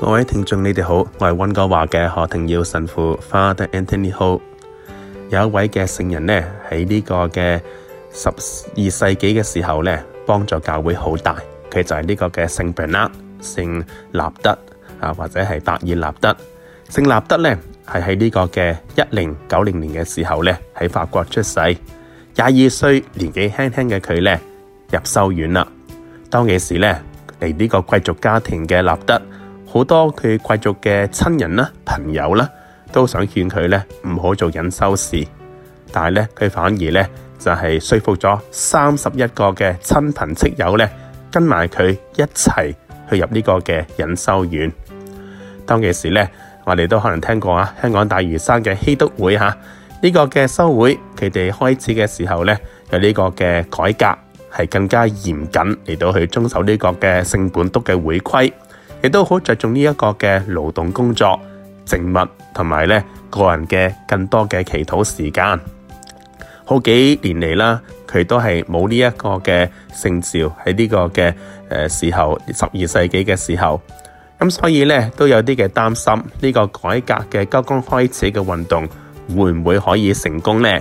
各位聽眾，你哋好，我係溫哥華嘅何庭耀神父 Father Anthony Ho。有一位嘅聖人咧，喺呢個嘅十二世紀嘅時候咧，幫助教會好大。佢就係呢個嘅聖伯納聖納德啊，或者係達爾納德。聖納德咧係喺呢個嘅一零九零年嘅時候咧，喺法國出世。廿二歲年紀輕輕嘅佢咧入修院啦。當其時咧，嚟呢個貴族家庭嘅納德。好多佢貴族嘅親人啦，朋友啦，都想勸佢咧唔好做隱修士，但係咧佢反而咧就係說服咗三十一個嘅親朋戚友咧跟埋佢一齊去入呢個嘅隱修院。當其時咧，我哋都可能聽過啊，香港大嶼山嘅熙篤會嚇呢個嘅修會，佢哋開始嘅時候咧有呢個嘅改革，係更加嚴謹嚟到去遵守呢個嘅聖本篤嘅會規。亦都好着重呢一個嘅勞動工作、靜默同埋咧個人嘅更多嘅祈禱時間。好幾年嚟啦，佢都係冇呢一個嘅聖召，喺呢個嘅誒時候，十二世紀嘅時候。咁所以呢，都有啲嘅擔心，呢、這個改革嘅剛剛開始嘅運動會唔會可以成功呢？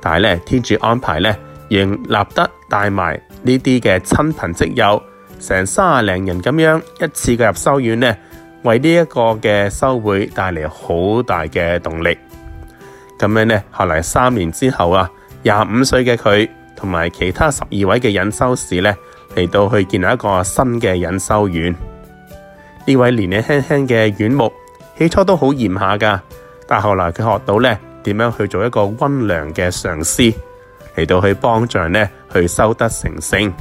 但係咧天主安排呢，仍立得帶埋呢啲嘅親朋戚友。成三十零人咁樣一次嘅入修院呢，為呢一個嘅修會帶嚟好大嘅動力。咁樣呢，後來三年之後啊，廿五歲嘅佢同埋其他十二位嘅隱修士呢，嚟到去建立一個新嘅隱修院。呢位年紀輕輕嘅院牧起初都好嚴下噶，但係後來佢學到呢點樣去做一個溫良嘅上司嚟到去幫助呢去修德成聖。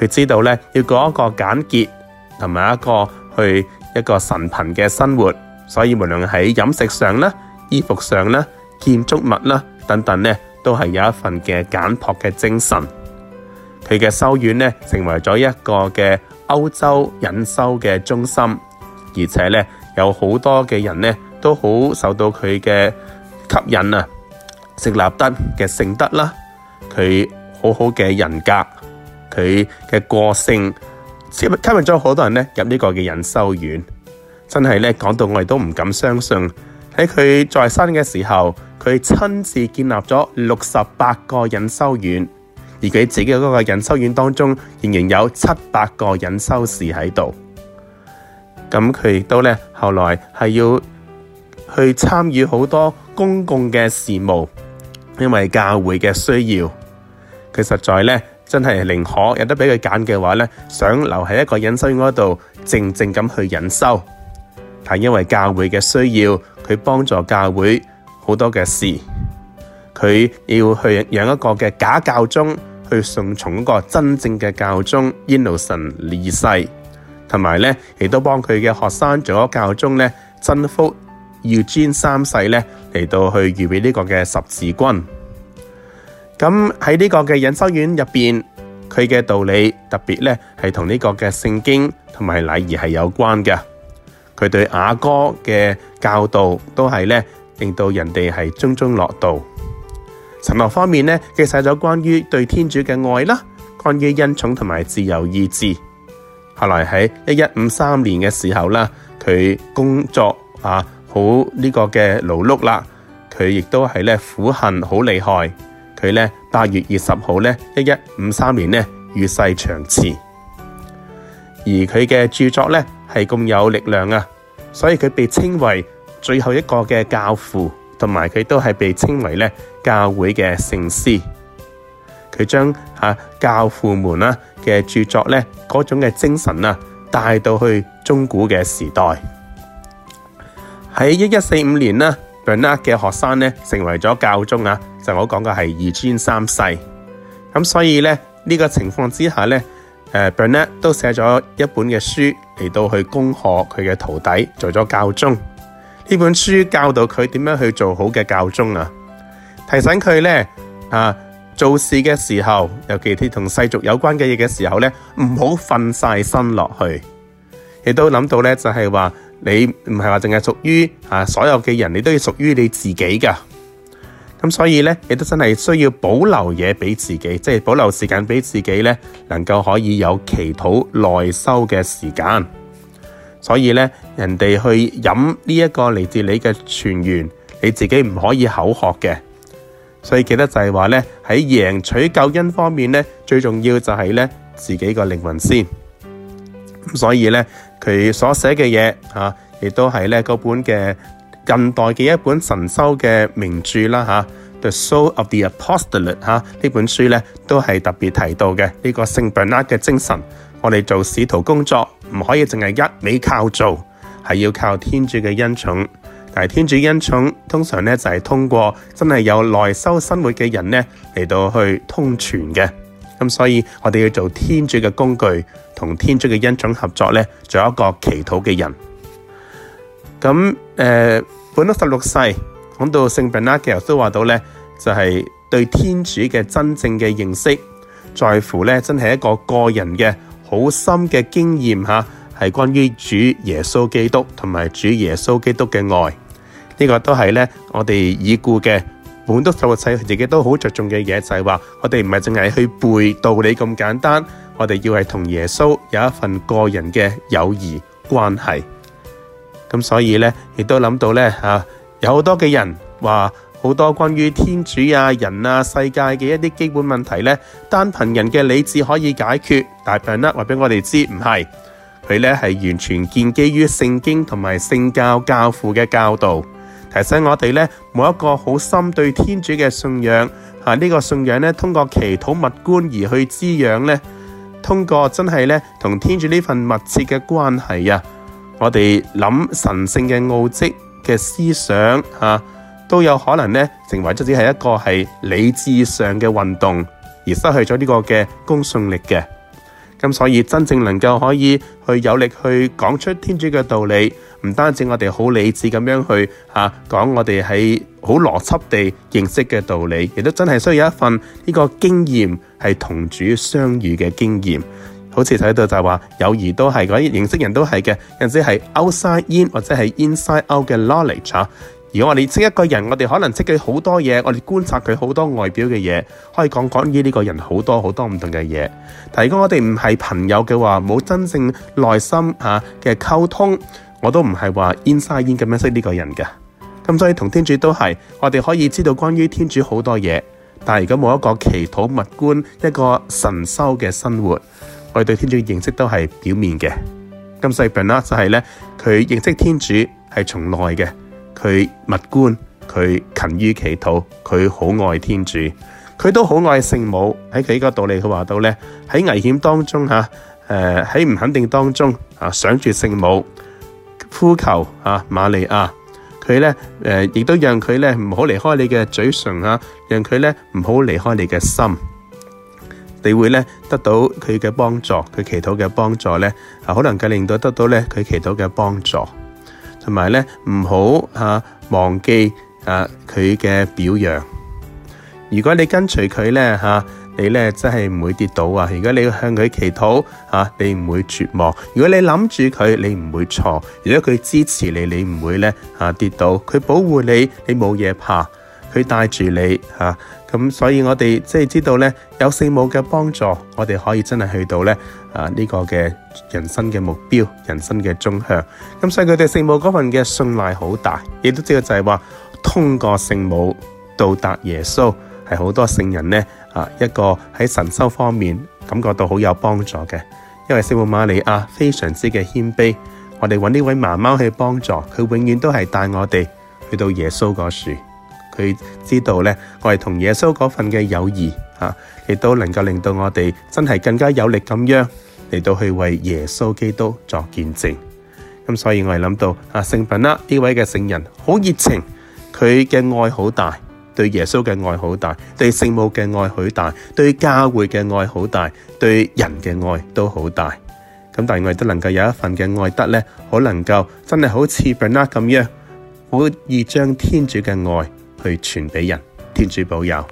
佢知道咧，要過一個簡潔同埋一個去一個神貧嘅生活，所以無論喺飲食上啦、衣服上啦、建築物啦等等咧，都係有一份嘅簡樸嘅精神。佢嘅修院咧，成為咗一個嘅歐洲隱修嘅中心，而且咧有好多嘅人咧，都好受到佢嘅吸引啊！聖納德嘅聖德啦，佢好好嘅人格。佢嘅個性吸引咗好多人咧入呢個嘅隱修院，真係咧講到我哋都唔敢相信喺佢在，在生嘅時候，佢親自建立咗六十八個隱修院，而佢自己嗰個隱修院當中仍然有七百個隱修士喺度。咁佢亦都咧後來係要去參與好多公共嘅事務，因為教會嘅需要。佢實在咧。真係寧可有得俾佢揀嘅話咧，想留喺一個隱修院嗰度靜靜咁去隱修，但因為教會嘅需要，佢幫助教會好多嘅事，佢要去養一個嘅假教宗去順從一個真正嘅教宗 Innocent 二世，同埋咧亦都幫佢嘅學生做咗教宗咧，真福 Eugene 三世咧嚟到去預備呢個嘅十字軍。咁喺呢個嘅隱修院入面，佢嘅道理特別咧係同呢個嘅聖經同埋禮儀係有關嘅。佢對雅哥嘅教導都係咧令到人哋係津津樂道。神學方面咧，記晒咗關於對天主嘅愛啦，關於恩寵同埋自由意志。後來喺一一五三年嘅時候啦，佢工作啊好呢個嘅勞碌啦，佢亦都係咧苦恨好厲害。佢咧八月二十號咧一一五三年咧與世長辭，而佢嘅著作咧係咁有力量啊，所以佢被稱為最後一個嘅教父，同埋佢都係被稱為咧教會嘅聖師。佢將吓教父們啦嘅著作咧嗰種嘅精神啊帶到去中古嘅時代。喺一一四五年啦。Bernard 嘅學生咧，成為咗教宗啊！就我講嘅係二千三世。咁所以咧呢、這個情況之下咧，誒、uh, Bernard 都寫咗一本嘅書嚟到去恭賀佢嘅徒弟做咗教宗。呢本書教導佢點樣去做好嘅教宗啊！提醒佢咧啊，做事嘅時候，尤其是同世俗有關嘅嘢嘅時候咧，唔好瞓晒身落去。亦都諗到咧，就係、是、話。你唔係話淨係屬於啊，所有嘅人你都要屬於你自己噶。咁所以咧，你都真係需要保留嘢俾自己，即係保留時間俾自己咧，能夠可以有祈禱內修嘅時間。所以咧，人哋去飲呢一個嚟自你嘅泉源，你自己唔可以口渴嘅。所以記得就係話咧，喺贏取救恩方面咧，最重要就係咧自己個靈魂先。咁所以咧。佢所寫嘅嘢亦都係咧嗰本嘅近代嘅一本神修嘅名著啦、啊、The Soul of the Apostolate、啊，這呢本書呢都係特別提到嘅呢、這個聖伯納嘅精神。我哋做使徒工作唔可以淨係一味靠做，係要靠天主嘅恩寵。但係天主恩寵通常咧就係、是、通過真係有內修生活嘅人呢嚟到去通傳嘅。咁所以，我哋要做天主嘅工具，同天主嘅恩寵合作呢，做一個祈禱嘅人。咁誒、呃，本篤十六世講到聖得，拉教都話到呢，就係、是、對天主嘅真正嘅認識，在乎呢，真係一個個人嘅好深嘅經驗吓，係關於主耶穌基督同埋主耶穌基督嘅愛。呢、這個都係呢我哋已故嘅。滿督受仔，佢自己都好着重嘅嘢就係話，我哋唔係淨係去背道理咁簡單，我哋要係同耶穌有一份個人嘅友誼關係。咁所以呢，亦都諗到呢，吓、啊，有好多嘅人話，好多關於天主啊、人啊、世界嘅一啲基本問題呢，單憑人嘅理智可以解決，但伯克，話俾我哋知唔係，佢呢係完全建基於聖經同埋聖教教父嘅教導。提醒我哋咧，冇一個好深對天主嘅信仰，吓呢個信仰咧，通過祈禱默觀而去滋養咧，通過真係咧同天主呢份密切嘅關係啊，我哋諗神聖嘅奧蹟嘅思想吓，都有可能咧成為只止係一個係理智上嘅運動，而失去咗呢個嘅公信力嘅。咁所以真正能夠可以去有力去講出天主嘅道理，唔單止我哋好理智咁樣去嚇講，我哋喺好邏輯地認識嘅道理，亦都真係需要一份呢個經驗係同主相遇嘅經驗。好似睇到就係話，友誼都係，或者認識人都係嘅，或者係 outside in 或者係 inside out 嘅 knowledge 如果我哋識一個人，我哋可能識佢好多嘢，我哋觀察佢好多外表嘅嘢，可以講關於呢個人好多好多唔同嘅嘢。但係如果我哋唔係朋友嘅話，冇真正內心嚇嘅溝通，我都唔係話 in 沙 in 咁樣識呢個人嘅。咁所以同天主都係我哋可以知道關於天主好多嘢，但係如果冇一個祈禱物觀一個神修嘅生活，我哋對天主嘅認識都係表面嘅。咁細份啦，就係咧佢認識天主係從內嘅。佢默觀，佢勤於祈禱，佢好愛天主，佢都好愛聖母。喺佢個道理，佢話到咧，喺危險當中吓，誒喺唔肯定當中啊，想住聖母，呼求啊瑪利亞，佢咧誒亦都讓佢咧唔好離開你嘅嘴唇吓，讓佢咧唔好離開你嘅心，你會咧得到佢嘅幫助，佢祈禱嘅幫助咧啊，可能夠令到得到咧佢祈禱嘅幫助。同埋咧，唔好啊忘記啊佢嘅表揚。如果你跟隨佢咧嚇，你咧真係唔會跌倒啊！如果你向佢祈禱啊，你唔會絕望。如果你諗住佢，你唔會錯。如果佢支持你，你唔會咧嚇跌倒。佢保護你，你冇嘢怕。佢帶住你咁、啊、所以我哋即係知道呢，有聖母嘅幫助，我哋可以真係去到咧啊呢、呢個嘅人生嘅目標，人生嘅終向咁、啊，所以佢哋聖母嗰份嘅信賴好大，亦都知道就係話通過聖母到達耶穌係好多聖人呢啊一個喺神修方面感覺到好有幫助嘅，因為聖母瑪利亞非常之嘅謙卑，我哋搵呢位媽媽去幫助佢，佢永遠都係帶我哋去到耶穌嗰度。佢知道咧，我係同耶穌嗰份嘅友誼啊，亦都能夠令到我哋真係更加有力咁樣嚟到去為耶穌基督作見證。咁所以我係諗到啊，聖伯納呢位嘅聖人好熱情，佢嘅愛好大，對耶穌嘅愛好大，對聖母嘅愛好大，對教會嘅愛好大，對人嘅愛都好大。咁但係我亦都能夠有一份嘅愛德咧，好能夠真係好似伯納咁樣，好易將天主嘅愛，去傳畀人，天主保佑。